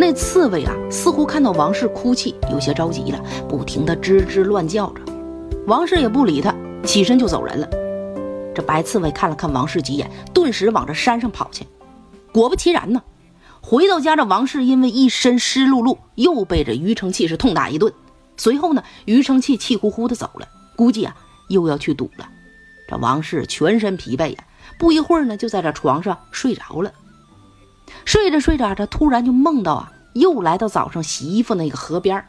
那刺蝟啊，似乎看到王氏哭泣，有些着急了，不停地吱吱亂叫着。王氏也不理他，起身就走人了。這白刺蝟看了看王氏幾眼，頓時往這山上跑去。果不其然呢，回到家這王氏因為一身濕漉漉，又被這余承器是痛打一頓。隨後呢，余承器氣呼呼的走了，估計啊又要去賭了。這王氏全身疲憊呀、啊，不一會兒呢，就在這床上睡着了。睡着睡着這突然就夢到啊，又來到早上洗衣服那個河邊，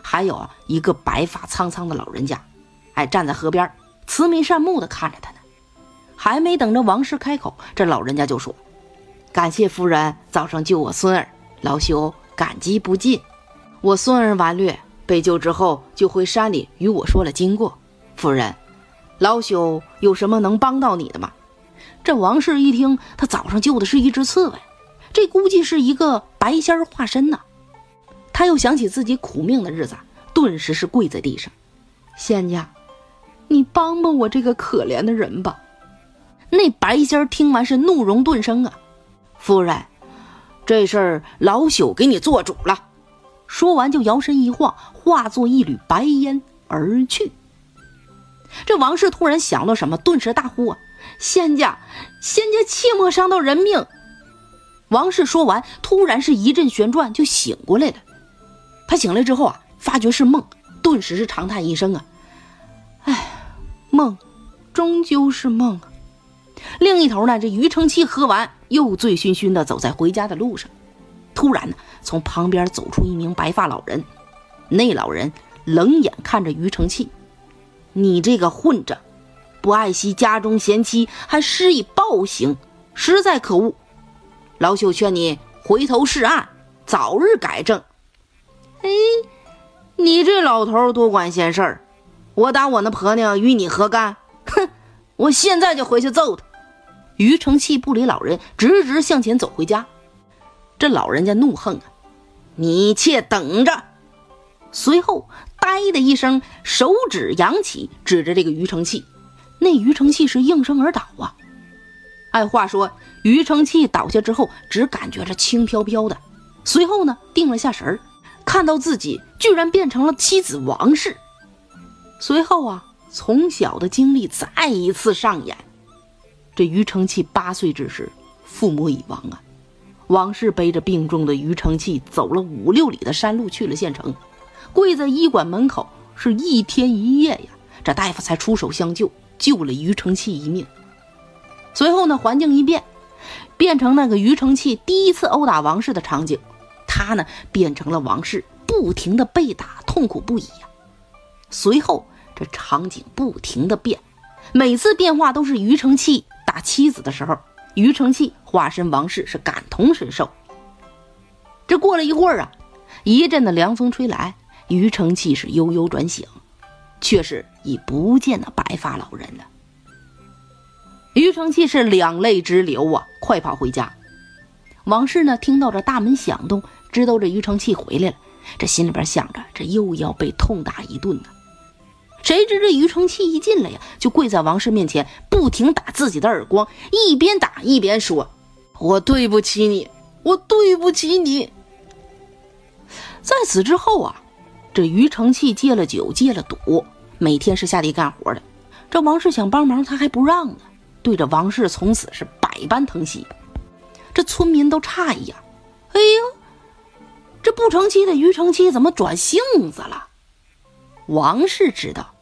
還有啊一個白髮蒼蒼的老人家，哎，站在河邊，慈眉善目的看着他呢。還沒等着王氏開口，這老人家就說：“感謝夫人早上救我孫兒，老朽感激不盡。我孫兒頑劣被救之後，就回山裡與我說了經過。夫人，老朽有什麼能幫到你的嗎？”這王氏一聽，他早上救的是一隻刺蝟。這估計是一個白仙化身呢、啊。他又想起自己苦命的日子，頓時是跪在地上：“仙家，你幫幫我這個可憐的人吧！”那白仙聽完是怒容頓生啊：“夫人，這事兒老朽給你做主了。”說完就搖身一晃，化作一縷白煙而去。這王氏突然想到什麼，頓時大呼：“啊，仙家，仙家切莫傷到人命！”王氏說完，突然是一陣旋轉，就醒過來了。他醒來之後啊，發覺是夢，頓時是長嘆一聲啊：“哎，夢，終究是夢啊。”另一頭呢，這余承啟喝完，又醉醺醺的走在回家的路上，突然呢，從旁邊走出一名白髮老人。那老人冷眼看着余承啟：“你這個混賬，不愛惜家中賢妻，還施以暴行，實在可惡。”老朽勸，你回頭是岸，早日改正。哎，你這老頭多管閒事兒，我打我那婆娘與你何干？哼，我現在就回去揍他。余承器不理老人，直直向前走回家。這老人家怒哼啊，你且等着。隨後，呆的一聲，手指揚起，指着這個余承器，那余承器是應聲而倒啊。哎，話說於承器倒下之後，只感覺着輕飄飄的，隨後呢，定了下神兒，看到自己居然變成了妻子王氏。隨後啊，從小的經歷再一次上演。這於承器八歲之時，父母已亡啊。王氏背着病重的於承器，走了五六里的山路去了縣城，跪在醫館門口是一天一夜呀，這大夫才出手相救，救了於承器一命。隨後呢，環境一變，變成那個庾澄慶第一次毆打王氏的場景，他呢，變成了王氏，不停的被打，痛苦不已呀啊。隨後這場景不停的變，每次變化都是庾澄慶打妻子的時候，庾澄慶化身王氏，是感同身受。這過了一會兒啊，一陣的涼風吹來，庾澄慶是悠悠轉醒，卻是已不見那白髮老人了。余承器是兩淚直流啊，快跑回家。王氏呢，聽到這大門響動，知道這余承器回來了，這心裡邊想着，這又要被痛打一頓呢、啊。誰知這余承器一進來呀，就跪在王氏面前，不停打自己的耳光，一邊打一邊說：“我對不起你，我對不起你。”在此之後啊，這余承器戒了酒，戒了賭，每天是下地幹活的。這王氏想幫忙，他還不讓呢。對着王氏，從此是百般疼惜。這村民都詫異呀：“哎呦，這不成器的於成器怎麼轉性子了？”王氏知道，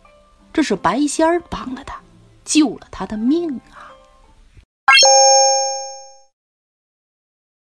這是白仙兒幫了他，救了他的命啊。